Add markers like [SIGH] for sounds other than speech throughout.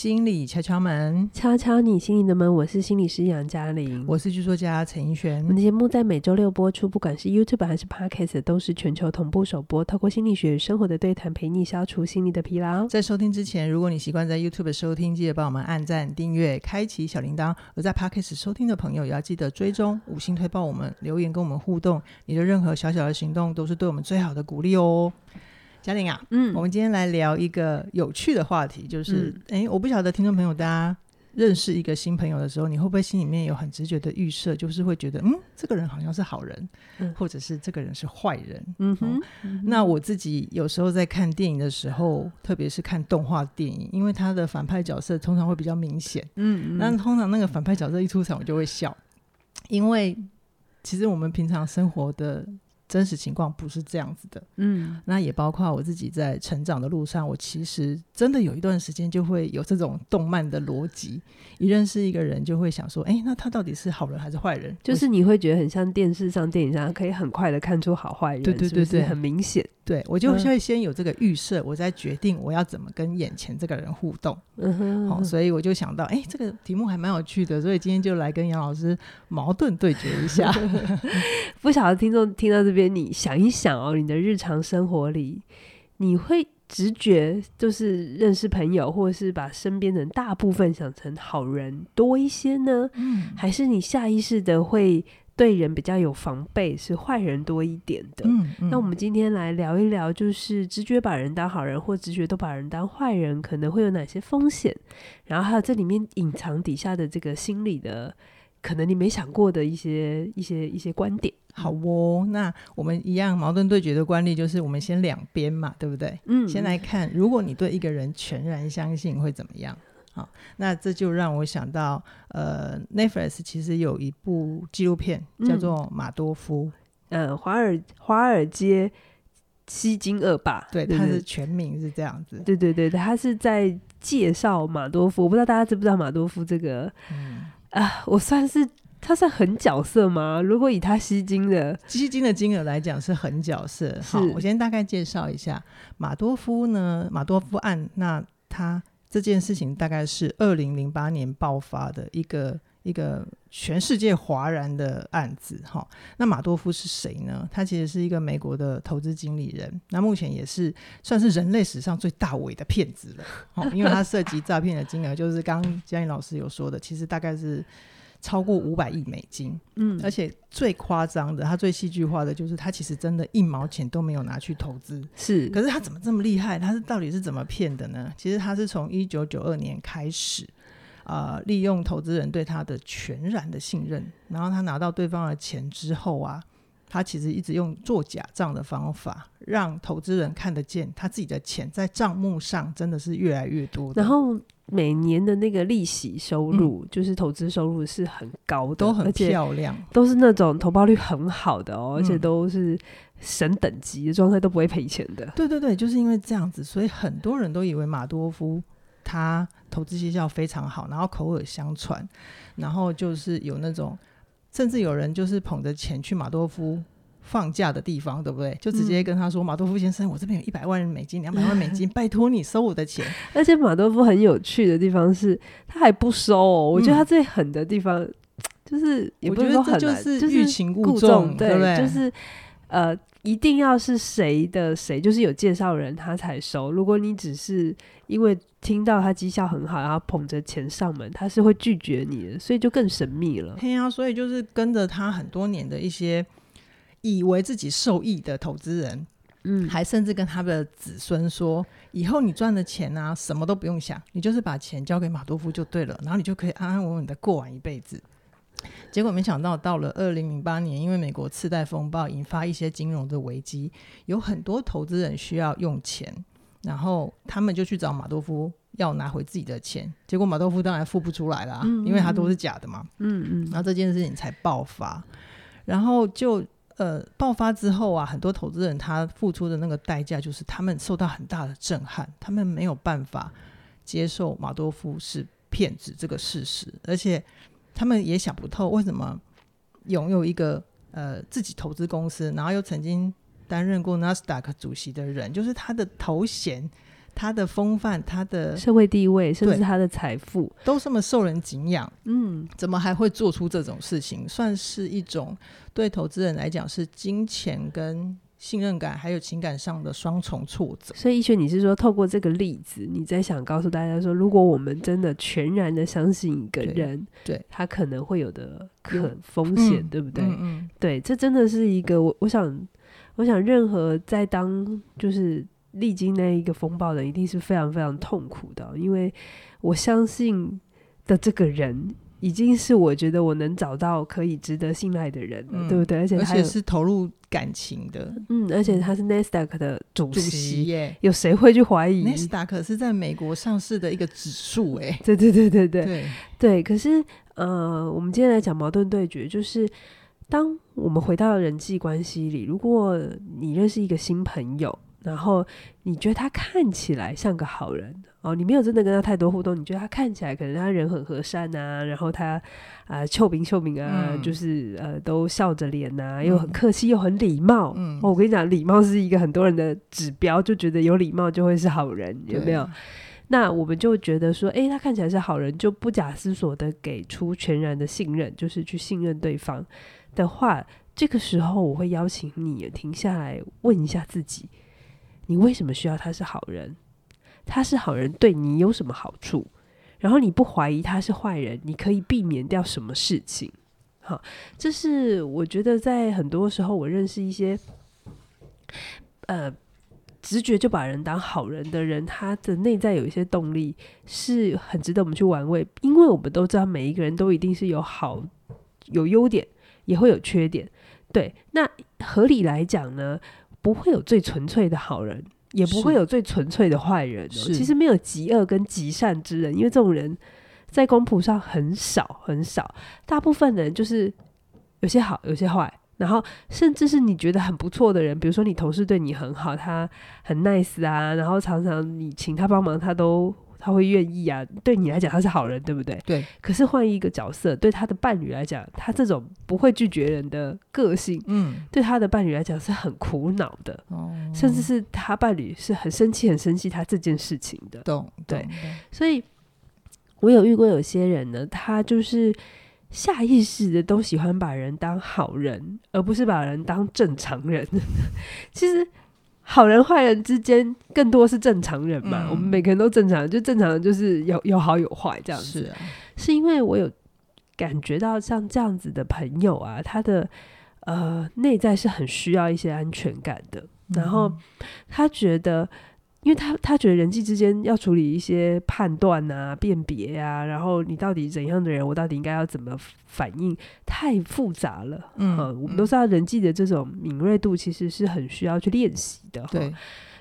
心理敲敲門，敲敲你心裡的門。我是心理師楊嘉玲，我是劇作家陳奕璇。我們的節目在每周六播出，不管是 YouTube 還是 Podcast，都是全球同步首播。透過心理學與生活的對談，陪你消除心理的疲勞。在收聽之前，如果你習慣在 YouTube 收聽，記得幫我們按讚、訂閱、開啟小鈴鐺；而在 Podcast 收聽的朋友，也要記得追蹤、五星推爆我們、留言跟我們互動。你的任何小小的行動，都是對我們最好的鼓勵哦。嘉玲啊，嗯，我們今天來聊一個有趣的話題，就是，哎、嗯，欸，我不曉得聽眾朋友大家認識一個新朋友的時候，你會不會心裡面有很直覺的預設，就是會覺得，嗯，這個人好像是好人，嗯，或者是這個人是壞人，嗯哼。嗯哼，那我自己有時候在看電影的時候，特別是看動畫電影，因為他的反派角色通常會比較明顯，嗯嗯，那通常那個反派角色一出場，我就會笑，嗯，因為其實我們平常生活的。真實情況不是這樣子的，嗯，那也包括我自己在成長的路上，我其實真的有一段時間就會有這種動漫的邏輯，一認識一個人就會想說，誒，那他到底是好人還是壞人？就是你會覺得很像電視上、電影上，可以很快的看出好壞人，對，對對對對，是不是很明顯。對，我就會先有這個預設，嗯、我再決定我要怎麼跟眼前這個人互動。好、嗯哼哦，所以我就想到，哎、欸，這個題目還蠻有趣的，所以今天就來跟楊老師矛盾對決一下。 [LAUGHS] [LAUGHS] 不曉得聽眾聽到這邊，你想一想哦，你的日常生活裡，你會直覺就是認識朋友，或者是把身邊人大部分想成好人多一些呢？嗯、還是你下意識的會？對人比較有防備，是壞人多一點的。嗯嗯、那我們今天來聊一聊，就是直覺把人當好人，或直覺都把人當壞人，可能會有哪些風險？然後還有這裡面隱藏底下的這個心理的，可能你沒想過的一些、一些、一些觀點。好哦，那我們一樣矛盾對決的慣例，就是我們先兩邊嘛，對不對？嗯，先來看，如果你對一個人全然相信，會怎麼樣？好、哦，那這就讓我想到，呃 Netflix 其實有一部紀錄片、嗯、叫做《馬多夫》，呃、嗯，華爾華爾街吸金惡霸，對，他是全名對對對是這樣子。對對對，他是在介紹馬多夫，我不知道大家知不知道馬多夫這個。嗯、啊，我算是他算狠角色嗎？如果以他吸金的吸金的金額來講，是狠角色。好是、哦，我先大概介紹一下馬多夫呢，馬多夫案，那他。這件事情大概是二零零八年爆發的一個一個全世界譁然的案子哈、哦。那馬多夫是誰呢？他其實是一個美國的投資經理人，那目前也是算是人類史上最大尾的騙子了、哦、因為他涉及詐騙的金額就是剛剛嘉玲老師有說的，其實大概是。超過五百億美金，嗯，而且最誇張的，他最戲劇化的，就是他其實真的一毛錢都沒有拿去投資，是，可是他怎麼這麼厲害？他是到底是怎麼騙的呢？其實他是從一九九二年開始，啊、呃，利用投資人對他的全然的信任，然後他拿到對方的錢之後啊，他其實一直用做假賬的方法，讓投資人看得見他自己的錢在賬目上真的是越來越多，然後。每年的那個利息收入，嗯、就是投資收入是很高的，都很漂亮，都是那種投報率很好的哦，嗯、而且都是省等級的狀態都不會賠錢的。對對對，就是因為這樣子，所以很多人都以為馬多夫他投資績效非常好，然後口耳相傳，然後就是有那種，甚至有人就是捧着錢去馬多夫放假的地方對不對？就直接跟他說：“嗯、馬多夫先生，我這邊有一百萬美金，兩百萬美金，嗯、拜托你收我的錢。”而且馬多夫很有趣的地方是，他還不收、哦。嗯、我覺得他最狠的地方就是，也不是說狠，就是欲擒故縱，對不對？就是呃，一定要是誰的誰，就是有介紹人他才收。如果你只是因為聽到他績效很好，然後捧着錢上門，他是會拒絕你的，所以就更神秘了。對呀、啊，所以就是跟着他很多年的一些。以為自己受益的投資人，嗯，還甚至跟他的子孫說：“以後你賺的錢呢、啊，什麼都不用想，你就是把錢交給馬多夫就對了，然後你就可以安安穩穩的過完一輩子。”結果沒想到，到了二零零八年，因為美國次貸風暴引發一些金融的危機，有很多投資人需要用錢，然後他們就去找馬多夫要拿回自己的錢。結果馬多夫當然付不出來啦，嗯嗯，因為他都是假的嘛，嗯嗯。然後這件事情才爆發，然後就。呃，爆發之後啊，很多投資人他付出的那個代價就是他們受到很大的震撼，他們沒有辦法接受馬多夫是騙子這個事實，而且他們也想不透為什麼擁有一個呃自己投資公司，然後又曾經擔任過納斯達克主席的人，就是他的頭銜。他的風範，他的社會地位，甚至他的財富，都這麼受人敬仰。嗯，怎麼還會做出這種事情？算是一種對投資人來講是金錢、跟信任感，還有情感上的雙重挫折。所以，一璇，你是說透過這個例子，你在想告訴大家說，如果我們真的全然的相信一個人，對，對他可能會有的風可風險，對不對？嗯、嗯嗯對，這真的是一個我我想，我想任何在當就是。歷經那一個風暴的，一定是非常非常痛苦的，因為我相信的這個人，已經是我覺得我能找到可以值得信賴的人，嗯、對不對？而且,而且是投入感情的，嗯，而且他是 Nasdaq 的主席，主席耶，有誰會去懷疑？Nasdaq 是在美國上市的一個指數，哎，對對對對對對,對。可是，呃，我們今天來講矛盾對決，就是當我們回到人際關係裡，如果你認識一個新朋友。然後你覺得他看起來像個好人哦，你沒有真的跟他太多互動，你覺得他看起來可能他人很和善啊，然後他、呃、秀兵秀兵啊，臭名秀明啊，就是呃，都笑着臉吶、啊，又很客氣、嗯、又很禮貌。嗯、哦，我跟你講，禮貌是一個很多人的指標，就覺得有禮貌就會是好人，有沒有？對那我們就覺得說，哎，他看起來是好人，就不假思索的給出全然的信任，就是去信任對方的話，這個時候我會邀請你停下來問一下自己。你為什麼需要他是好人？他是好人對你有什麼好處？然後你不懷疑他是壞人，你可以避免掉什麼事情？好、哦，這是我覺得在很多時候，我認識一些，呃，直覺就把人當好人的人，他的內在有一些動力，是很值得我們去玩味，因為我們都知道每一個人都一定是有好有優點，也會有缺點。對，那合理來講呢？不會有最純粹的好人，也不會有最純粹的壞人。是其實沒有極惡跟極善之人，因為這種人在光譜上很少很少。大部分人就是有些好，有些壞。然後甚至是你覺得很不錯的人，比如說你同事對你很好，他很 nice 啊，然後常常你請他幫忙，他都。他會願意啊？對你來講他是好人，對不對？對。可是換一個角色，對他的伴侶來講，他這種不會拒絕人的個性，嗯，對他的伴侶來講是很苦惱的，嗯、甚至是他伴侶是很生氣、很生氣他這件事情的。懂，懂對，對。所以，我有遇過有些人呢，他就是下意識的都喜歡把人當好人，而不是把人當正常人。 [LAUGHS] 其實。好人壞人之間，更多是正常人嘛？嗯、我們每個人都正常，就正常就是有有好有壞這樣子。是、啊，是因為我有感覺到像這樣子的朋友啊，他的呃內在是很需要一些安全感的，嗯、然後他覺得。因為他他覺得人際之間要處理一些判斷啊、辨別啊，然後你到底怎樣的人，我到底應該要怎麼反應，太複雜了。嗯、呃，我們都知道人際的這種敏銳度，其實是很需要去練習的。呃、對，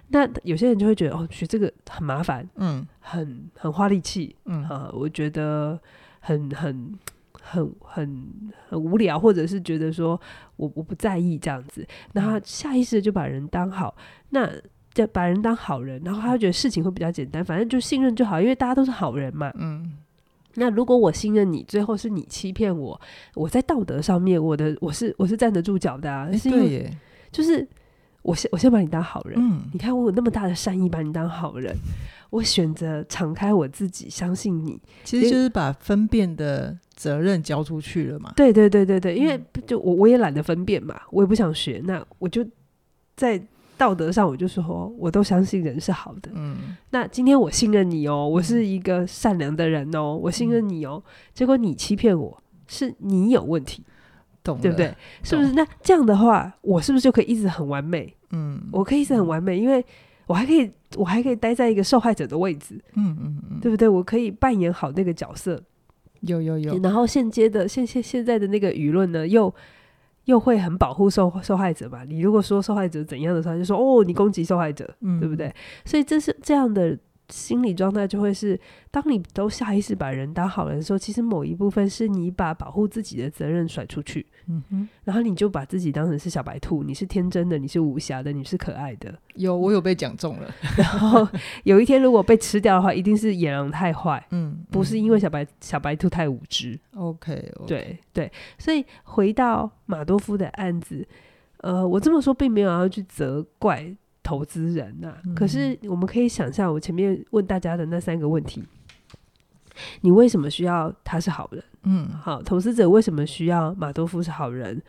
那有些人就會覺得哦，學這個很麻煩，嗯，很很花力氣，嗯、呃，我覺得很很很很很無聊，或者是覺得說我不我不在意這樣子，那他下意識的就把人當好，那。就把人當好人，然後他覺得事情會比較簡單，反正就信任就好，因為大家都是好人嘛。嗯。那如果我信任你，最後是你欺騙我，我在道德上面我，我的我是我是站得住腳的啊，欸，是因為對耶，就是我先我先把你當好人。嗯，你看我有那麼大的善意，把你當好人，我選擇敞開我自己，相信你，其實就是把分辨的責任交出去了嘛。對對對對對，因為就我我也懶得分辨嘛，我也不想學，那我就在。道德上，我就說、哦，我都相信人是好的。嗯，那今天我信任你哦，我是一個善良的人哦，嗯、我信任你哦。結果你欺騙我，是你有問題，懂了對不對？懂是不是？那這樣的話，我是不是就可以一直很完美？嗯，我可以一直很完美，因為我還可以，我還可以待在一個受害者的位置。嗯嗯嗯，對不對？我可以扮演好那個角色。有有有。然後，現階的，現現現在的那個輿論呢，又。又會很保護受受害者吧？你如果說受害者怎樣的時候，他就說哦，你攻擊受害者，嗯、對不對？所以這是這樣的。心理狀態就會是，當你都下意識把人當好人的時候，其實某一部分是你把保護自己的責任甩出去，嗯哼，然後你就把自己當成是小白兔，你是天真的，你是無瑕的，你是可愛的。有，我有被講中了。 [LAUGHS] 然後有一天如果被吃掉的話，一定是野狼太壞，嗯，不是因為小白、嗯、小白兔太無知。OK, okay. 對對，所以回到馬多夫的案子，呃，我這麼說並沒有要去責怪。投資人吶、啊，嗯、可是我們可以想象。我前面問大家的那三個問題：你為什麼需要他是好人？嗯，好，投資者為什麼需要馬多夫是好人？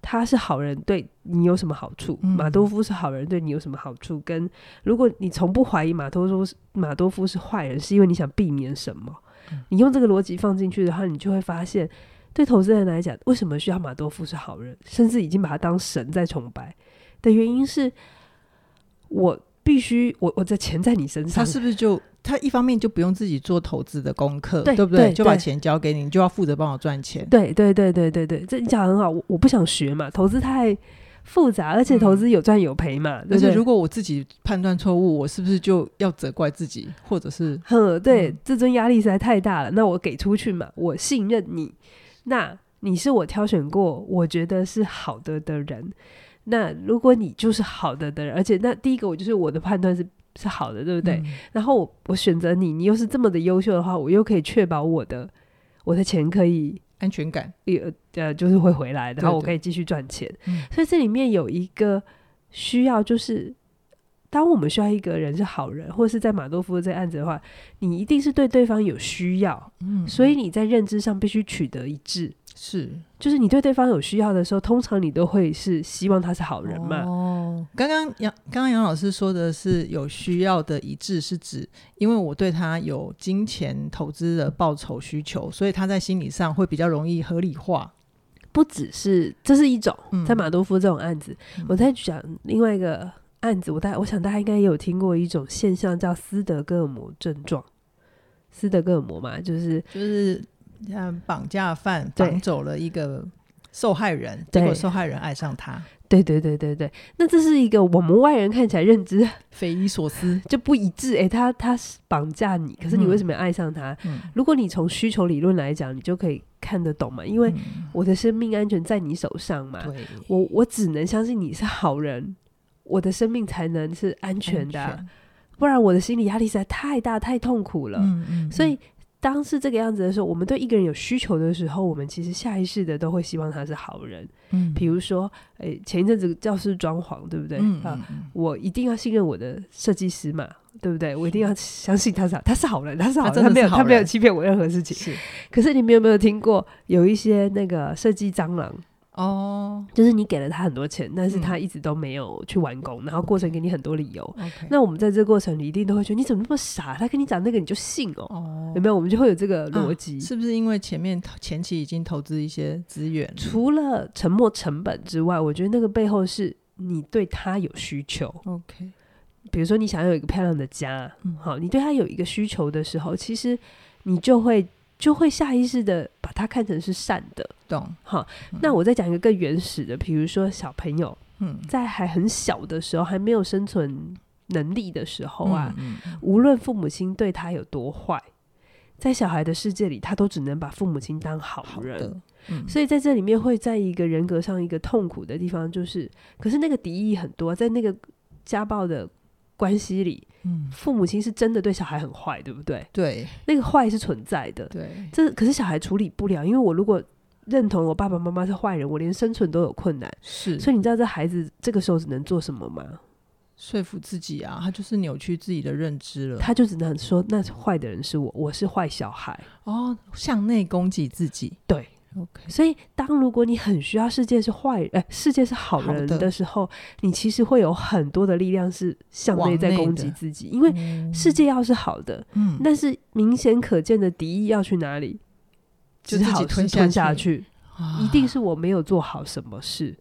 他是好人對你有什麼好處？嗯、馬多夫是好人對你有什麼好處？跟如果你從不懷疑馬多夫是馬多夫是壞人，是因為你想避免什麼？嗯、你用這個邏輯放進去的話，你就會發現，對投資人來講，為什麼需要馬多夫是好人？甚至已經把他當神在崇拜的原因是。我必須，我我的錢在你身上，他是不是就他一方面就不用自己做投資的功課，對，對不對？對，就把錢交給你，你就要負責幫我賺錢。對對對對對對，對，這你講很好，我我不想學嘛，投資太複雜，而且投資有賺有賠嘛。但是、嗯、如果我自己判斷錯誤，我是不是就要責怪自己，或者是？呵，對，嗯、自尊壓力實在太大了。那我給出去嘛，我信任你，那你是我挑選過，我覺得是好的的人。那如果你就是好的的人，而且那第一個我就是我的判斷是是好的，對不對？嗯、然後我我選擇你，你又是這麼的優秀的話，我又可以確保我的我的錢可以安全感，也呃就是會回來的，然後我可以繼續賺錢。對對嗯、所以這裡面有一個需要，就是當我們需要一個人是好人，或者是在馬多夫的這個案子的話，你一定是對對方有需要，嗯，所以你在認知上必須取得一致。是，就是你對對方有需要的時候，通常你都會是希望他是好人嘛。剛剛楊，剛剛楊老師說的是有需要的一致，是指因為我對他有金錢投資的報酬需求，所以他在心理上會比較容易合理化。不只是這是一種，在馬多夫這種案子，嗯、我在講另外一個案子，我大、嗯、我想大家應該也有聽過一種現象，叫斯德哥爾摩症狀。斯德哥爾摩嘛，就是就是。像綁架犯綁走了一個受害人，對結果受害人愛上他。對對對對對，那這是一個我們外人看起來認知匪夷、嗯、所思，就不一致。哎、欸，他他綁架你，可是你為什麼要愛上他？嗯、如果你從需求理論來講，你就可以看得懂嘛。因為我的生命安全在你手上嘛，嗯、我我只能相信你是好人，我的生命才能是安全的、啊，安全、不然我的心理壓力實在太大太痛苦了。嗯嗯、所以。當是這個樣子的時候，我們對一個人有需求的時候，我們其實下意識的都會希望他是好人。嗯，比如說，哎、欸，前一陣子教室裝潢，對不對？嗯嗯嗯，啊，我一定要信任我的設計師嘛，對不對？我一定要相信他是好，他是好人，他是好人，他真的是好人。他沒有，他沒有欺騙我任何事情。是。可是你們有沒有聽過，有一些那個設計蟑螂？哦，oh. 就是你給了他很多錢，但是他一直都沒有去完工，嗯、然後過程給你很多理由。Okay. 那我們在這過程你一定都會覺得你怎麼那麼傻？他跟你講那個你就信哦、喔，oh. 有沒有？我們就會有這個邏輯、啊，是不是？因為前面前期已經投資一些資源，除了沉沒成本之外，我覺得那個背後是你對他有需求。OK，比如說你想要有一個漂亮的家，嗯、好，你對他有一個需求的時候，其實你就會。就會下意識的把它看成是善的，懂？好哈，嗯、那我再講一個更原始的，比如說小朋友，在還很小的時候，嗯、還沒有生存能力的時候啊，嗯嗯、無論父母親對他有多壞，在小孩的世界裡，他都只能把父母親當好人。好嗯、所以在這裡面會在一個人格上一個痛苦的地方，就是，可是那個敵意很多、啊，在那個家暴的關係裡，嗯，父母親是真的對小孩很壞，對不對？對，那個壞是存在的。對，這可是小孩處理不了，因為我如果認同我爸爸媽媽是壞人，我連生存都有困難。是，所以你知道這孩子這個時候只能做什麼嗎？說服自己啊，他就是扭曲自己的認知了，他就只能說那壞的人是我，我是壞小孩。哦，向內攻擊自己，對。Okay, 所以，當如果你很需要世界是壞人，呃，世界是好人的時候，的你其實會有很多的力量是向內在攻擊自己，因為世界要是好的，嗯、但是明顯可見的敵意要去哪裡，嗯、好是就自己吞下去，下去啊、一定是我沒有做好什麼事。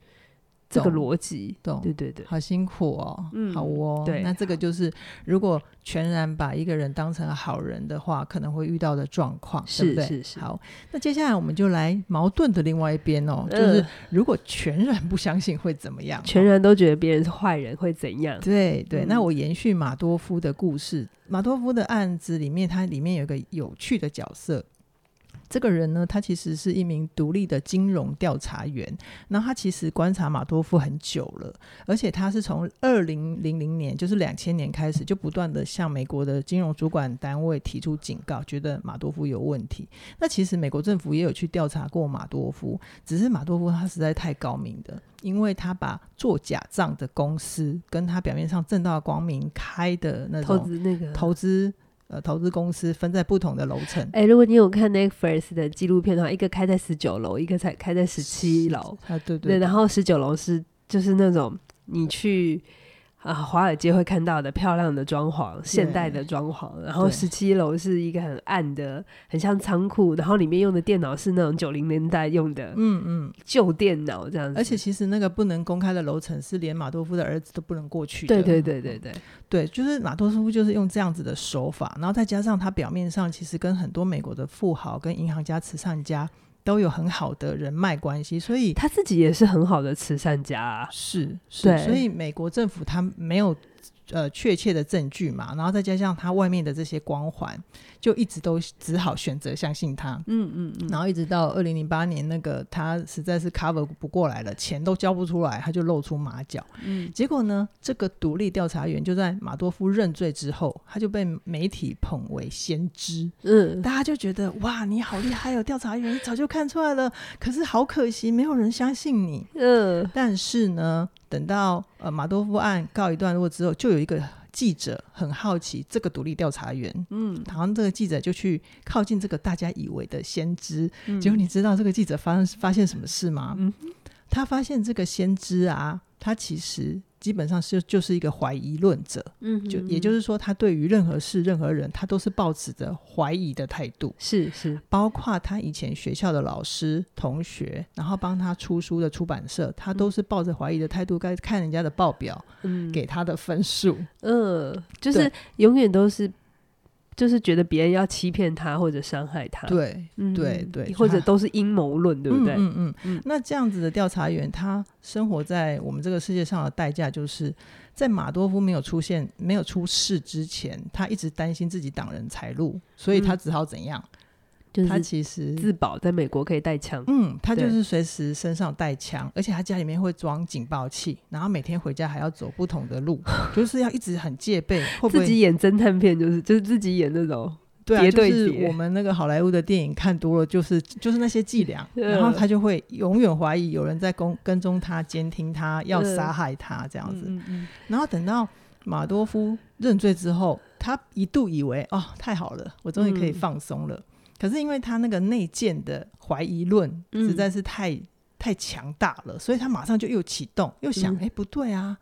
這個邏輯懂，對對對，好辛苦哦！好哦，對，那這個就是如果全然把一個人當成好人的話，可能會遇到的狀況，是不是？好，那接下來我們就來矛盾的另外一邊哦，就是如果全然不相信會怎麼樣？全然都覺得別人是壞人會怎樣？對對，那我延續馬多夫的故事，馬多夫的案子裡面，它裡面有一個有趣的角色。這個人呢，他其實是一名獨立的金融調查員。那他其實觀察馬多夫很久了，而且他是從二零零零年，就是兩千年開始，就不斷地向美國的金融主管單位提出警告，覺得馬多夫有問題。那其實美國政府也有去調查過馬多夫，只是馬多夫他實在太高明的，因為他把做假賬的公司跟他表面上正大光明開的那那個投資。呃，投資公司分在不同的樓層。誒、欸，如果你有看那個 First 的紀錄片的話，一個開在十九樓，一個才開在17十七樓。啊，對對，對，對。然後十九樓是就是那種你去。啊，華爾街會看到的漂亮的裝潢，現代的裝潢，對然後十七樓是一個很暗的，對很像倉庫，然後裡面用的電腦是那種九零年代用的嗯，嗯嗯，舊電腦這樣子。而且其實那個不能公開的樓層是連馬多夫的兒子都不能過去的。對對對對對、嗯、對，就是馬多夫就是用這樣子的手法，然後再加上他表面上其實跟很多美國的富豪、跟銀行家、慈善家。都有很好的人脈關係，所以他自己也是很好的慈善家啊。是，是，對，所以美國政府他沒有。呃，確切的證據嘛，然後再加上他外面的這些光環，就一直都只好選擇相信他。嗯嗯，嗯嗯，然後一直到二零零八年，那個他實在是 cover 不過來了，錢都交不出來，他就露出馬腳。嗯，結果呢，這個獨立調查員就在馬多夫認罪之後，他就被媒體捧為先知。嗯，大家就覺得哇，你好厲害哦，有調查員，你早就看出來了。可是好可惜，沒有人相信你。嗯，但是呢。等到呃，馬多夫案告一段落之後，就有一個記者很好奇這個獨立調查員。嗯，然後這個記者就去靠近這個大家以為的先知。嗯、結果你知道這個記者發生發現什麼事嗎？嗯、哼他發現這個先知啊，他其實。基本上是就是一個懷疑論者，嗯、哼就也就是說，他對於任何事、任何人，他都是抱持著懷疑的態度。是是，包括他以前學校的老師、同學，然後幫他出書的出版社，他都是抱着懷疑的態度，該看人家的報表，嗯、給他的分數，呃，就是對永遠都是。就是覺得別人要欺騙他或者傷害他，對對對，嗯、對對，或者都是陰謀論，他對不對？嗯嗯嗯。嗯嗯嗯，那這樣子的調查員，嗯、他生活在我們這個世界上的代價，就是在馬多夫沒有出現、沒有出事之前，他一直擔心自己擋人財路，所以他只好怎樣？嗯他其實自保，在美國可以帶槍。嗯，他就是隨時身上帶槍，對而且他家裡面會裝警報器，然後每天回家還要走不同的路， [LAUGHS] 就是要一直很戒備。 [LAUGHS] 會會自己演偵探片就是就是自己演那種截對截，對啊，就是我們那個好萊塢的電影看多了，就是就是那些伎倆， [LAUGHS] 嗯、然後他就會永遠懷疑有人在跟跟蹤他、監聽他、要殺害他這樣子。嗯嗯嗯、然後等到馬多夫認罪之後，他一度以為哦，太好了，我終於可以放鬆了。嗯可是因為他那個內建的懷疑論實在是太、嗯、太強大了，所以他馬上就又啟動，又想：哎、嗯欸，不對啊，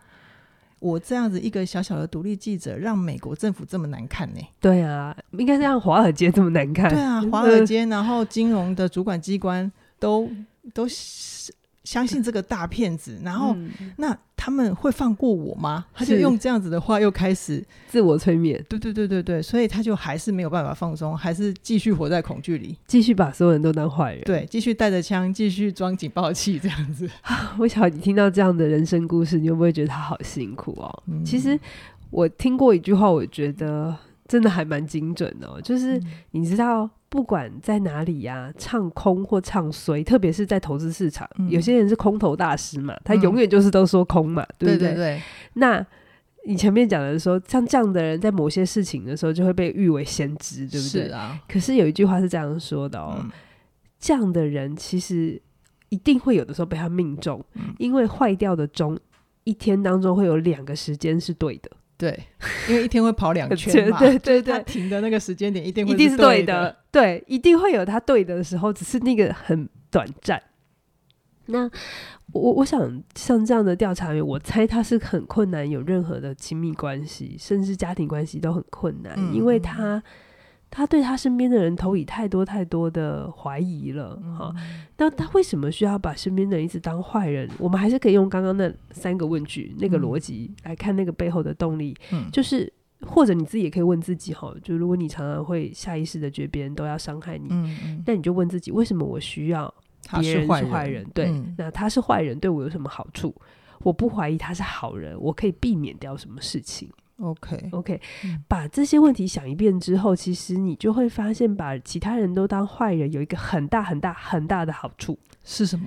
我這樣子一個小小的獨立記者，讓美國政府這麼難看呢、欸？對啊，應該是讓華爾街這麼難看。對啊，華爾街，然後金融的主管機關都、真的、都，都相信這個大騙子，嗯、然後那他們會放過我嗎？他就用這樣子的話又開始自我催眠，對對對對對，所以他就還是沒有辦法放鬆，還是繼續活在恐懼裡，繼續把所有人都當壞人，對，繼續帶着槍，繼續裝警報器這樣子。啊，我想你聽到這樣的人生故事，你會不會覺得他好辛苦哦？嗯、其實我聽過一句話，我覺得真的還蠻精準的、哦，就是你知道。嗯不管在哪裡呀、啊，唱空或唱衰，特別是在投資市場，嗯、有些人是空頭大師嘛，他永遠就是都說空嘛，嗯、對不對？對對對。那你前面講的說，像這樣的人，在某些事情的時候，就會被譽為先知，對不對？是啊。可是有一句話是這樣說的哦，嗯、這樣的人其實一定會有的時候被他命中，嗯、因為壞掉的鐘一天當中會有兩個時間是對的。對，因為一天會跑兩圈嘛，對，對對，他停的那個時間點，一定會一定是對的，對，一定會有他對的時候，只是那個很短暫。那我我想像，這樣的調查員，我猜他是很困難，有任何的親密關係，甚至家庭關係都很困難，嗯，因為他。他對他身邊的人投以太多太多的懷疑了，哈、嗯。那他為什麼需要把身邊的人一直當壞人？我們還是可以用剛剛那三個問句那個邏輯來看那個背後的動力。嗯、就是或者你自己也可以問自己，哈，就如果你常常會下意識的覺得別人都要傷害你，嗯嗯，那你就問自己，為什麼我需要別人是壞人？人對，嗯、那他是壞人對我有什麼好處？我不懷疑他是好人，我可以避免掉什麼事情。OK，OK，把這些問題想一遍之後，其實你就會發現，把其他人都當壞人有一個很大很大很大的好處是什麼？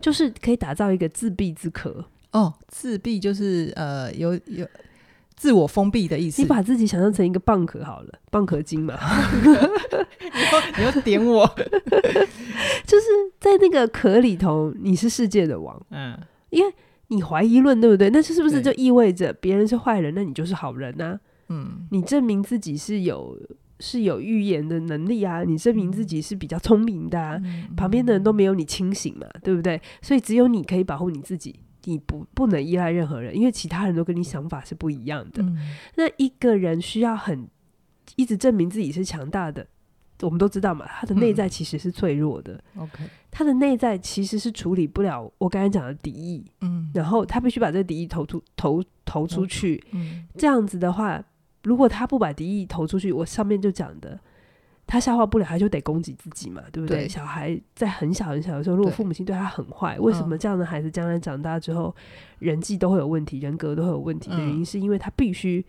就是可以打造一個自閉之殼。哦，自閉就是呃有有，有自我封閉的意思。你把自己想象成一個蚌殼好了，蚌殼 [MUSIC] 精嘛 [LAUGHS] [LAUGHS] 你。你要點我， [LAUGHS] 就是在那個殼裡頭，你是世界的王。嗯，因為。你懷疑論對不對？那這是不是就意味着別人是壞人，那你就是好人呢，啊？嗯，你證明自己是有是有預言的能力啊，你證明自己是比較聰明的啊，嗯，旁邊的人都沒有你清醒嘛，對不對？所以只有你可以保護你自己，你不不能依賴任何人，因為其他人都跟你想法是不一樣的。嗯，那一個人需要很一直證明自己是強大的。我們都知道嘛，他的內在其實是脆弱的。嗯 Okay. 他的內在其實是處理不了我剛才講的敵意。嗯、然後他必須把這個敵意投出、投投出去。Okay. 嗯、這樣子的話，如果他不把敵意投出去，我上面就講的，他消化不了，他就得攻擊自己嘛，對不對？對小孩在很小很小的時候，如果父母親對他很壞，對為什麼這樣的孩子將來長大之後、嗯、人際都會有問題、人格都會有問題的原因，嗯、是因為他必須。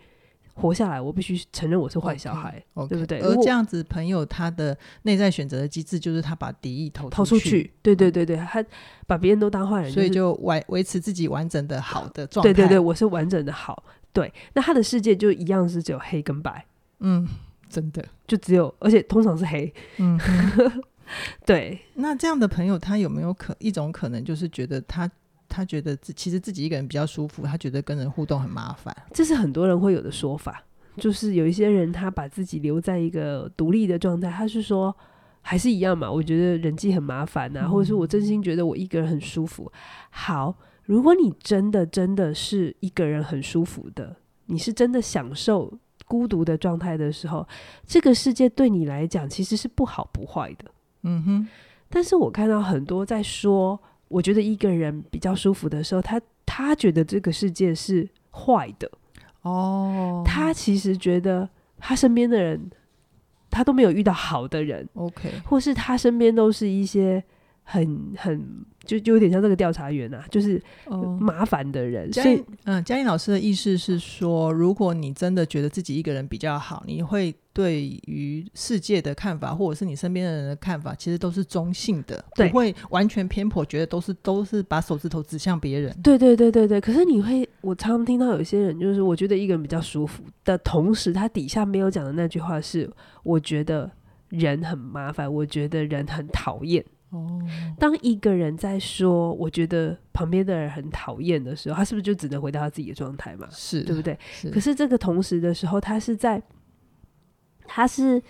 活下來，我必須承認我是壞小孩，okay, okay. 對不對？而這樣子朋友，他的內在選擇的機制就是他把敵意投投出，出去，對對對對，他把別人都當壞人，就是，所以就維維持自己完整的好的狀態、啊。對對對，我是完整的好，對。那他的世界就一樣是只有黑跟白，嗯，真的就只有，而且通常是黑。嗯， [LAUGHS] 對。那這樣的朋友，他有沒有可一種可能，就是覺得他？他覺得自其實自己一個人比較舒服，他覺得跟人互動很麻煩。這是很多人會有的說法，就是有一些人他把自己留在一個獨立的狀態。他是說還是一樣嘛？我覺得人際很麻煩啊，嗯、或者是我真心覺得我一個人很舒服。好，如果你真的真的是一個人很舒服的，你是真的享受孤獨的狀態的時候，這個世界對你來講其實是不好不壞的。嗯哼，但是我看到很多在說。我覺得一個人比較舒服的時候，他他覺得這個世界是壞的，哦，oh. 他其實覺得他身邊的人，他都沒有遇到好的人，Okay. 或是他身邊都是一些。很很就就有點像這個調查員啊，就是、哦、麻煩的人。穎所以嗯，佳穎老師的意思是說，如果你真的覺得自己一個人比較好，你會對於世界的看法，或者是你身邊的人的看法，其實都是中性的，對不會完全偏頗，覺得都是都是把手指頭指向別人。對對對對對。可是你會，我常常聽到有些人就是，我覺得一個人比較舒服的同時，他底下沒有講的那句話是，我覺得人很麻煩，我覺得人很討厭。哦，當一個人在說“我覺得旁邊的人很討厭”的時候，他是不是就只能回到他自己的狀態嘛？是對不對？是。可是這個同時的時候，他是在，他是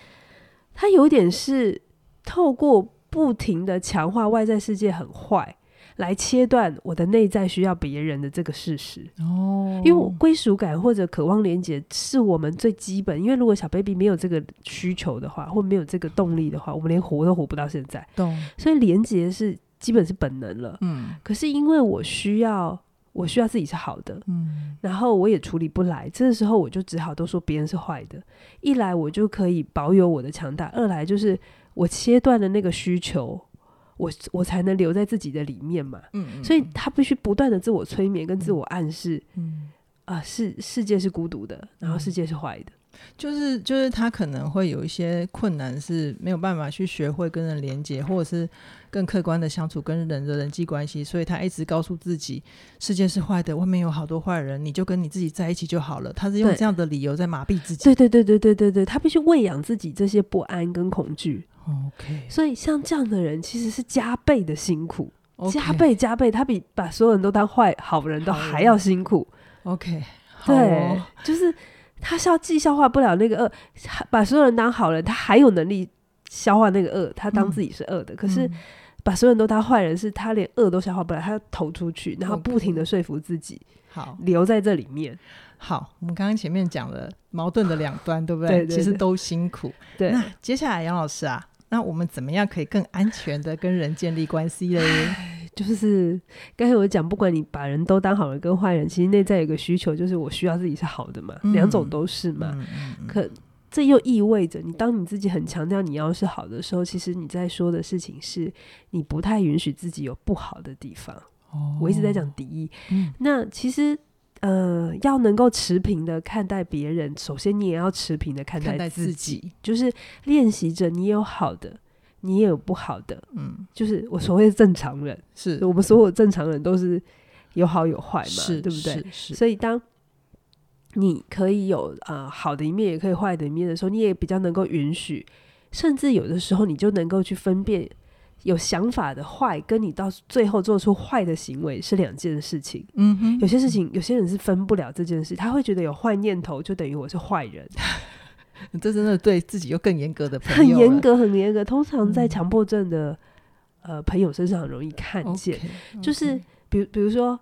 他有點是透過不停的強化外在世界很壞。來切斷我的內在需要別人的這個事實、oh、因為我歸屬感或者渴望連接是我們最基本，因為如果小 baby 沒有這個需求的話，或沒有這個動力的話，我們連活都活不到現在。Oh、所以連接是基本，是本能了。嗯、可是因為我需要，我需要自己是好的。嗯、然後我也處理不來，這個時候我就只好都說別人是壞的。一來我就可以保有我的強大，二來就是我切斷了那個需求。我我才能留在自己的裡面嘛，嗯嗯、所以他必須不斷的自我催眠跟自我暗示，啊、嗯，世、嗯呃、世界是孤獨的，嗯、然後世界是壞的，就是就是他可能會有一些困難是沒有辦法去學會跟人連接，或者是更客觀的相處跟人的人際關係，所以他一直告訴自己世界是壞的，外面有好多壞人，你就跟你自己在一起就好了。他是用這樣的理由在麻痹自己。對，對對對對對對，他必須餵養自己這些不安跟恐懼。OK，所以像這樣的人其實是加倍的辛苦，Okay. 加倍加倍，他比把所有人都當壞好人都還要辛苦。OK，, okay. 對，oh. 就是他消既消化不了那個惡，還把所有人當好人，他還有能力消化那個惡，他當自己是惡的。嗯、可是把所有人都當壞人，是他連惡都消化不了，他要投出去，然後不停的說服自己，好 Okay. 留在這裡面。好,好，我們剛剛前面講了矛盾的兩端， [LAUGHS] 對不對？對對對對其實都辛苦。對，那接下來楊老師啊。那我們怎麼樣可以更安全的跟人建立關係嘞？就是剛才我講，不管你把人都當好人跟壞人，其實內在有個需求，就是我需要自己是好的嘛，嗯、兩種都是嘛。嗯嗯嗯、可這又意味着，你當你自己很強調你要是好的時候，其實你在說的事情是你不太允許自己有不好的地方。哦、我一直在講敵意。嗯、那其實。呃，要能夠持平的看待別人，首先你也要持平的看待自己，自己就是練習着你有好的，你也有不好的，嗯，就是我所謂的正常人，是我們所有正常人都是有好有壞嘛，是對不對？是，是是，所以當你可以有啊、呃、好的一面，也可以壞的一面的時候，你也比較能夠允許，甚至有的時候你就能夠去分辨。有想法的壞，跟你到最後做出壞的行為是兩件事情。嗯、哼有些事情，有些人是分不了這件事，他會覺得有壞念頭就等於我是壞人。 [LAUGHS] 你這真的對自己又更嚴格的朋友，很嚴格，很嚴格。通常在強迫症的、嗯、呃朋友身上很容易看見，okay, okay. 就是，比如，比如說。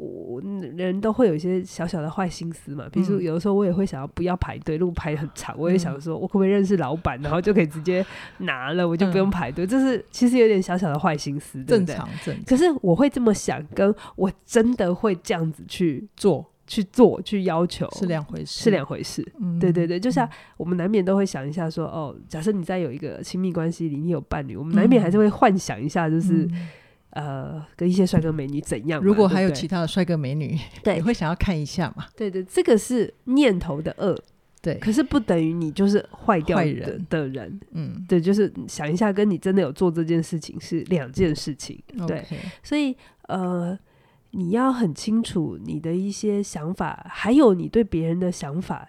我人都會有一些小小的壞心思嘛，比如說有的時候我也會想要不要排隊，嗯、如果排很長，我也想說，我可不可以認識老板，嗯、然後就可以直接拿了，嗯、我就不用排隊。這是其實有點小小的壞心思，正常。對不對？正常。可是我會這麼想，跟我真的會這樣子去做、去做、去要求是兩回事，是兩回事。嗯、對對對，就像我們難免都會想一下說，哦，假設你在有一個親密關係裡，你有伴侶，我們難免還是會幻想一下，就是。嗯嗯呃，跟一些帥哥美女怎樣？如果還有對對其他的帥哥美女，你對會想要看一下嗎？對對，這個是念頭的惡，對。可是不等於你就是壞掉的的人，壞人，嗯，對，就是想一下，跟你真的有做這件事情是兩件事情，嗯、對。Okay 所以呃，你要很清楚你的一些想法，還有你對別人的想法，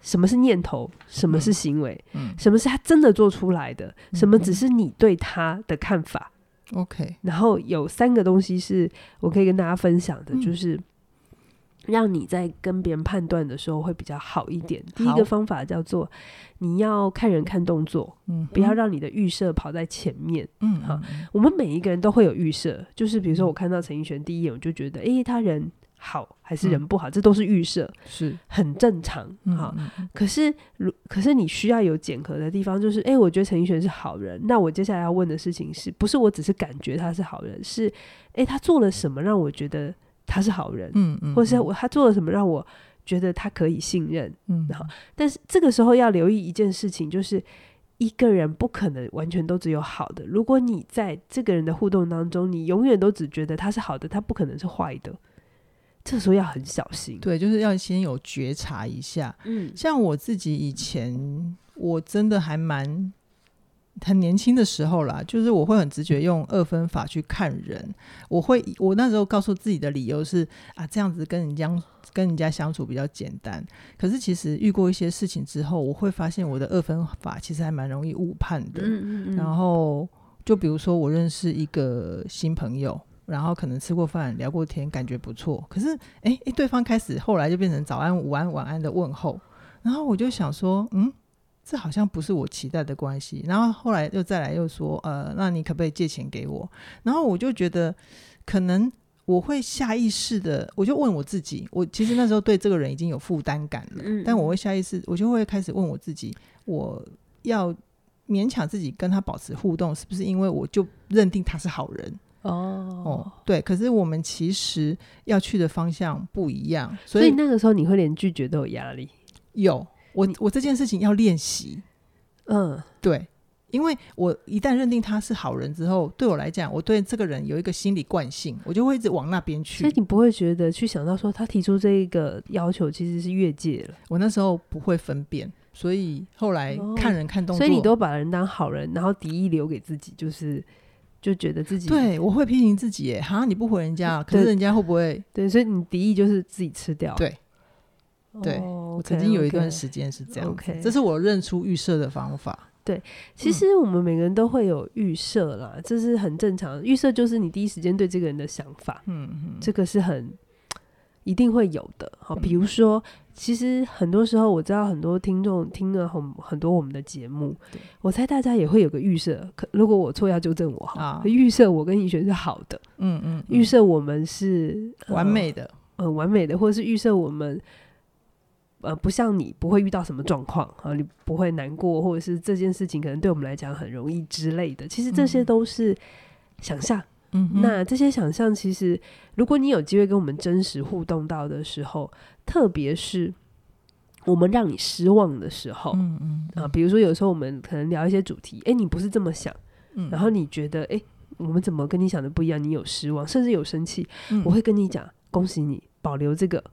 什麼是念頭，什麼是行為，嗯，什麼是他真的做出來的，嗯、什麼只是你對他的看法。OK，然後有三個東西是我可以跟大家分享的，嗯、就是讓你在跟別人判斷的時候會比較好一點。好第一個方法叫做你要看人看動作，嗯，不要讓你的預設跑在前面，嗯，好嗯我們每一個人都會有預設，就是比如說我看到陳奕迅第一眼我就覺得，哎、嗯欸，他人。好還是人不好，嗯、這都是預設，是很正常哈。嗯啊、可是，如可是你需要有檢核的地方，就是，誒、欸，我覺得陳奕迅是好人。那我接下來要問的事情是，是不是我只是感覺他是好人？是，誒、欸，他做了什麼讓我覺得他是好人？嗯，嗯，或者是我他做了什麼讓我覺得他可以信任？嗯，好、啊。但是這個時候要留意一件事情，就是一個人不可能完全都只有好的。如果你在這個人的互動當中，你永遠都只覺得他是好的，他不可能是壞的。這時候要很小心，對，就是要先有覺察一下。嗯，像我自己以前，我真的還蠻很年輕的時候啦，就是我會很直覺用二分法去看人。我會，我那時候告訴自己的理由是啊，這樣子跟人家跟人家相處比較簡單。可是其實遇過一些事情之後，我會發現我的二分法其實還蠻容易誤判的。嗯嗯，然後，就比如說我認識一個新朋友。然後可能吃過飯聊過天，感覺不錯。可是，哎哎，對方開始後來就變成早安、午安、晚安的問候。然後我就想說，嗯，這好像不是我期待的關係。然後後來又再來又說，呃，那你可不可以借錢給我？然後我就覺得，可能我會下意識的，我就問我自己，我其實那時候對這個人已經有負擔感了。但我會下意識，我就會開始問我自己，我要勉強自己跟他保持互動，是不是因為我就認定他是好人？哦對，可是我們其實要去的方向不一樣，所以,所以那個時候你會連拒絕都有壓力。有，我你我這件事情要練習，嗯，對，因為我一旦認定他是好人之後，對我來講，我對這個人有一個心理慣性，我就會一直往那邊去。所以你不會覺得去想到說他提出這一個要求其實是越界了。我那時候不會分辨，所以後來看人看動作，哦，所以你都把人當好人，然後敵意留給自己，就是。就覺得自己對，我會批評自己耶。好像你不回人家，對可是人家會不會？對，所以你敵意就是自己吃掉。對，對，oh, okay, 我曾經有一段時間是這樣。OK，, okay. 這是我認出預設的方法。對，其實我們每個人都會有預設啦，嗯、這是很正常。預設就是你第一時間對這個人的想法。嗯嗯，嗯這個是很一定會有的。好，比如說。其實很多時候，我知道很多聽眾聽了很很多我們的節目，對我猜大家也會有個預設。可如果我錯，要糾正我哈。啊、預設我跟你選是好的，嗯嗯，嗯嗯預設我們是、呃、完美的，呃，完美的，或者是預設我們呃不像你不會遇到什麼狀況啊、呃，你不會難過，或者是這件事情可能對我們來講很容易之類的。其實這些都是想象。嗯想嗯、那這些想象，其實如果你有機會跟我們真實互動到的時候，特別是我們讓你失望的時候，嗯嗯嗯啊，比如說有時候我們可能聊一些主題，哎、欸，你不是這麼想，嗯、然後你覺得，哎、欸，我們怎麼跟你想的不一樣？你有失望，甚至有生氣，嗯、我會跟你講，恭喜你，保留這個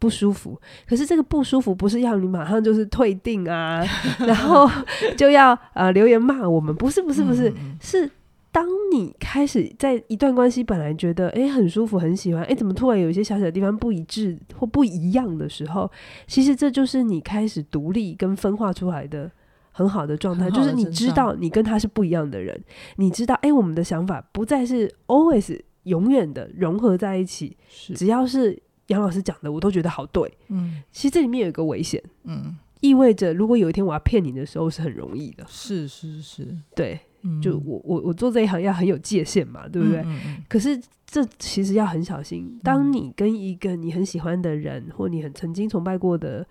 不舒服。可是這個不舒服不是要你馬上就是退訂啊， [LAUGHS] 然後就要啊、呃、留言罵我們，不是，不是，不、嗯、是，是。當你開始在一段關係，本來覺得誒、欸、很舒服、很喜歡，誒、欸、怎麼突然有一些小小的地方不一致或不一樣的時候，其實這就是你開始獨立跟分化出來的很好的狀態，就是你知道你跟他是不一樣的人，你知道誒、欸、我們的想法不再是 always 永遠的融合在一起。是，只要是楊老師講的，我都覺得好對。嗯，其實這裡面有一個危險，嗯，意味着如果有一天我要騙你的時候是很容易的。是是是，對。就我我我做這一行要很有界限嘛，對不對？嗯嗯嗯，可是這其實要很小心。當你跟一個你很喜歡的人，或你很曾經崇拜過的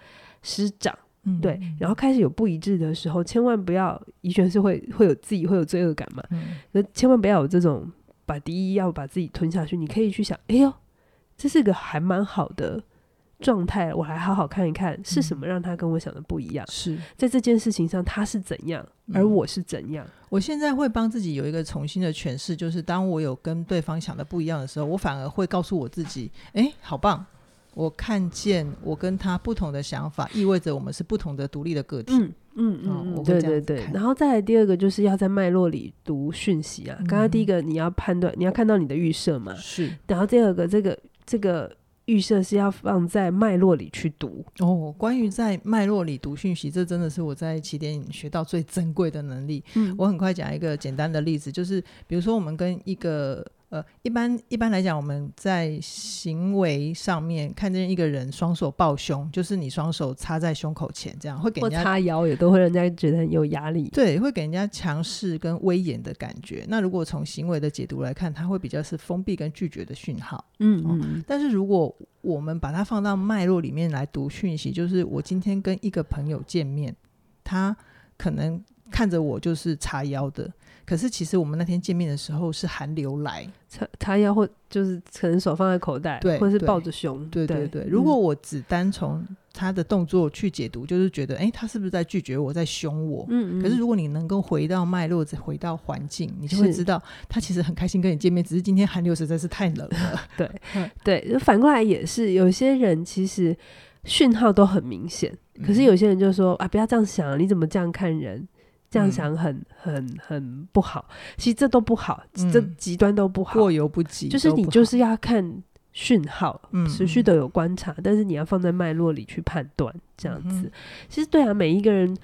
師長，對，然後開始有不一致的時候，千萬不要，以前是會會有自己會有罪惡感嘛，那、嗯、千萬不要有這種把敵意要把自己吞下去。你可以去想，哎呦，這是個還蠻好的。狀態，我還好好看一看是什麼讓他跟我想的不一樣。是、嗯、在這件事情上，他是怎樣，嗯、而我是怎樣？我現在會幫自己有一個重新的詮釋，就是當我有跟對方想的不一樣的時候，我反而會告訴我自己：，哎、欸，好棒！我看見我跟他不同的想法，意味着我們是不同的獨立的個體。嗯嗯嗯，嗯嗯嗯我對對對。然後再來第二個，就是要在脈絡裡讀訊息啊。剛剛、嗯、第一個，你要判斷，你要看到你的預設嘛？是。然後第二個、這個，這個這個。預設是要放在脈絡裡去讀哦。關於在脈絡裡讀訊息，這真的是我在起點學到最珍貴的能力。嗯，我很快講一個簡單的例子，就是比如說我們跟一個。呃，一般一般來講，我們在行為上面看見一個人雙手抱胸，就是你雙手插在胸口前這樣，會給人家，或插腰也都會讓人家覺得很有壓力，嗯，對，會給人家強勢跟威嚴的感覺。那如果從行為的解讀來看，它會比較是封閉跟拒絕的訊號，哦，嗯，嗯，但是如果我們把它放到脈絡裡面來讀訊息，就是我今天跟一個朋友見面，他可能看着我就是叉腰的。可是其實我們那天見面的時候是寒流來，他他要或就是可能手放在口袋，對或者是抱着胸，對，對對對。對如果我只單從他的動作去解讀，嗯、就是覺得哎、欸，他是不是在拒絕我，在凶我？嗯嗯，可是如果你能夠回到脈絡，再回到環境，你就會知道是他其實很開心跟你見面，只是今天寒流實在是太冷了。 [LAUGHS] 對 [LAUGHS] 對，反過來也是，有些人其實訊號都很明顯，可是有些人就說、嗯、啊，不要這樣想，你怎麼這樣看人？這樣想很、嗯、很很不好，其實這都不好，嗯、這極端都不好。過猶不及不，就是你就是要看訊號，嗯、持續的有觀察，嗯、但是你要放在脈絡裡去判斷，這樣子。嗯、哼其實對啊，每一個人。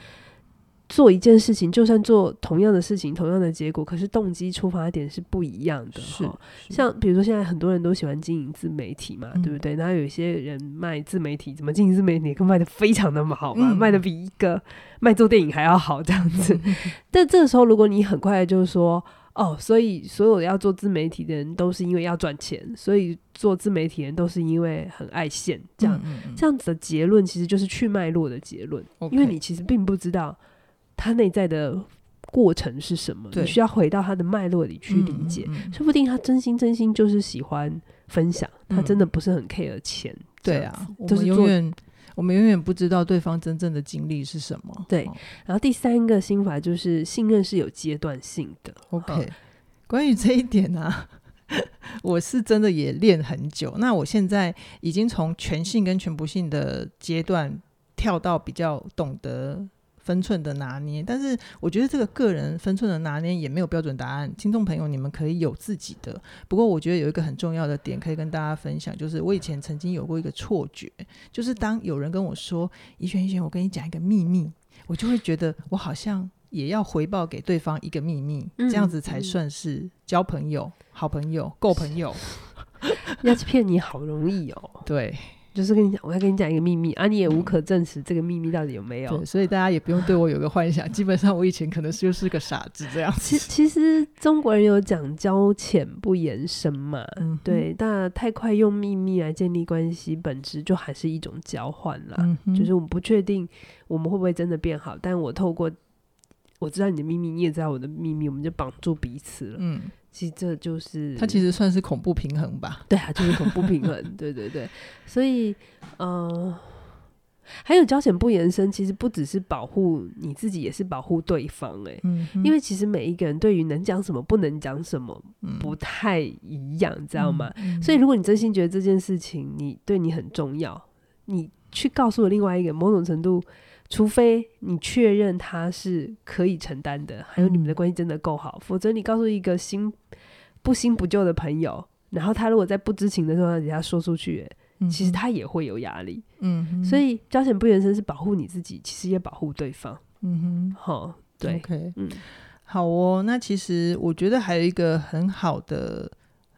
做一件事情，就算做同樣的事情，同樣的結果，可是動機出發點是不一樣的。哦、像比如說，現在很多人都喜歡經營自媒體嘛，嗯、對不對？然後有些人賣自媒體，怎麼經營自媒體，可賣的非常的好嘛，嗯、賣的比一個賣做電影還要好這樣子。嗯、但這個時候，如果你很快就是說，哦，所以所有要做自媒體的人都是因為要賺錢，所以做自媒體的人都是因為很愛現。這樣嗯嗯嗯這樣子的結論，其實就是去脈絡的結論，Okay. 因為你其實並不知道。他內在的過程是什麼？對你需要回到他的脈絡裡去理解，嗯嗯、說不定他真心真心就是喜歡分享，嗯、他真的不是很 care 錢。嗯、對啊，就是我，我們永遠我們永遠不知道對方真正的經歷是什麼。對，哦、然後第三個心法就是信任是有階段性的。OK，、哦、關於這一點呢、啊， [LAUGHS] 我是真的也練很久。那我現在已經從全信跟全不信的階段跳到比較懂得分寸的拿捏，但是我覺得這個個人分寸的拿捏也沒有標準答案。聽眾朋友，你們可以有自己的。不過我覺得有一個很重要的點可以跟大家分享，就是我以前曾經有過一個錯覺，就是當有人跟我說“嗯、一軒一軒，我跟你講一個秘密”，嗯、我就會覺得我好像也要回報給對方一個秘密，嗯、這樣子才算是交朋友、好朋友、夠朋友。 [LAUGHS] 要是騙你好容易哦。對。就是跟你講，我要跟你講一個秘密啊！你也無可證實這個秘密到底有沒有，對，所以大家也不用對我有個幻想。 [LAUGHS] 基本上我以前可能就是個傻子這樣子 [LAUGHS] 其其實中國人有講交淺不言深嘛，嗯、哼對，但太快用秘密來建立關係，本質就還是一種交換啦。嗯、哼就是我們不確定我們會不會真的變好，但我透過我知道你的秘密，你也知道我的秘密，我們就綁住彼此了。嗯。其實這就是，它其實算是恐怖平衡吧。對啊，就是恐怖平衡。 [LAUGHS] 對對對，所以，呃，還有交淺不言深，其實不只是保護你自己，也是保護對方、欸。哎、嗯哼，因為其實每一個人對於能講什麼、不能講什麼不太一樣，你、嗯、知道嗎？嗯嗯嗯，所以如果你真心覺得這件事情你對你很重要，你去告訴了另外一個，某種程度。除非你確認他是可以承擔的，還有你們的關係真的夠好，嗯、否則你告訴一個新不新不舊的朋友，然後他如果在不知情的情況下說出去、欸，嗯嗯其實他也會有壓力。嗯哼，所以交淺不言深是保護你自己，其實也保護對方。嗯哼，好、哦，對 Okay. 嗯，好哦。那其實我覺得還有一個很好的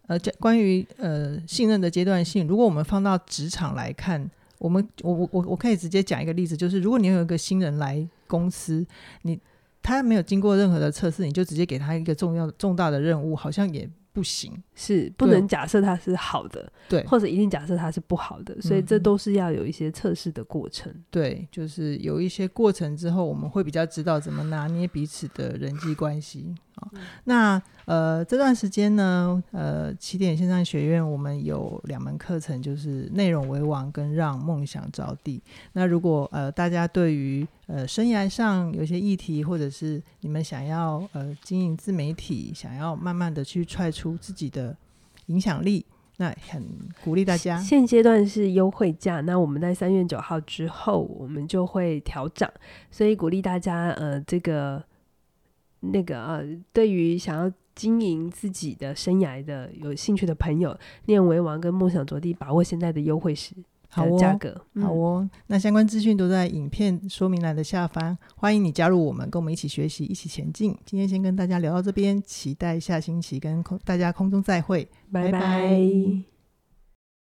呃，關於呃信任的階段性，如果我們放到職場來看。我們我我我我可以直接講一個例子，就是如果你有一個新人來公司，你他沒有經過任何的測試，你就直接給他一個重要重大的任務，好像也不行，是不能假設他是好的，對，或者一定假設他是不好的，對，所以這都是要有一些測試的過程。嗯，對，就是有一些過程之後，我們會比較知道怎麼拿捏彼此的人際關係。那呃這段時間呢，呃起點線上學院我們有兩門課程，就是內容為王跟讓夢想着地。那如果呃大家對於呃生涯上有些議題，或者是你們想要呃經營自媒體，想要慢慢的去踹出自己的影響力，那很鼓勵大家。現階段是優惠價，那我們在三月九號之後我們就會調漲，所以鼓勵大家呃這個。那個呃、啊，對於想要經營自己的生涯的有興趣的朋友，內容為王跟夢想着地，把握現在的優惠時價格，好哦，嗯、好哦。那相關資訊都在影片說明欄的下方，歡迎你加入我們，跟我們一起學習，一起前進。今天先跟大家聊到這邊，期待下星期跟空大家空中再會，拜拜 bye。Bye bye